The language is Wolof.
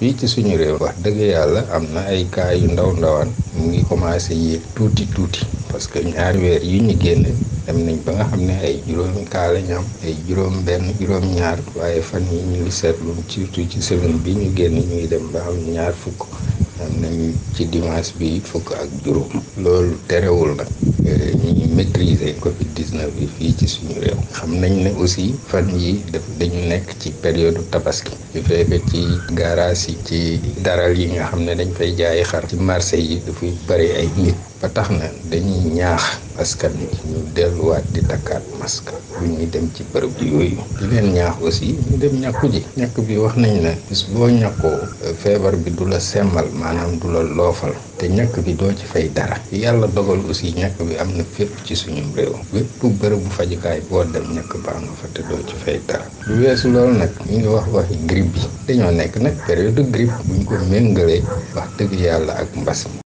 fii ci suñu réew wax dëgg yàlla am na ay kaa yu ndaw ndawaan mu ngi commencé yéeg tuuti tuuti parce que ñaari weer yi ñu génn dem nañ ba nga xam ne ay juróom cas la ñu am ay juróom benn juróom ñaar waaye fan yi ñu ngi seetlu surtout ci semaine bi ñu génn ñu ngi dem ba am ñaar fukk am nañu ci dimanche bi fukk ak juróom loolu terewul nag eh, ñuy maîtriser covid bi fii ci suñu réew xam nañ ne aussi fan yi def dañu nekk ci période tabaski bu fekkee ci garage yi ci daral yi nga xam ne dañ fay jaayi xar ci marché yi dafay bëri ay nit ba tax na dañuy ñaax askan wi ñu delluwaat di takkaat masque bu ñuy dem ci bërëb yooyu di leen ñaax aussi ñu dem ñàkku ji ñàkk bi wax nañ ne bis boo ñàkkoo euh, feebar bi du la semmal maanaam du la loofal te ñàkk bi doo ci fay dara yàlla dogal aussi ñàkk bi am na fépp ci suñu réew bépp bërëbu fajukaay boo dem ñàkk baa nga fa te doo ci fay dara lu weesu loolu nag ñu ngi wax waxi grippe bi dañoo nekk nag période grippe buñ ko méngalee wax dëgg yàlla ak mbas mi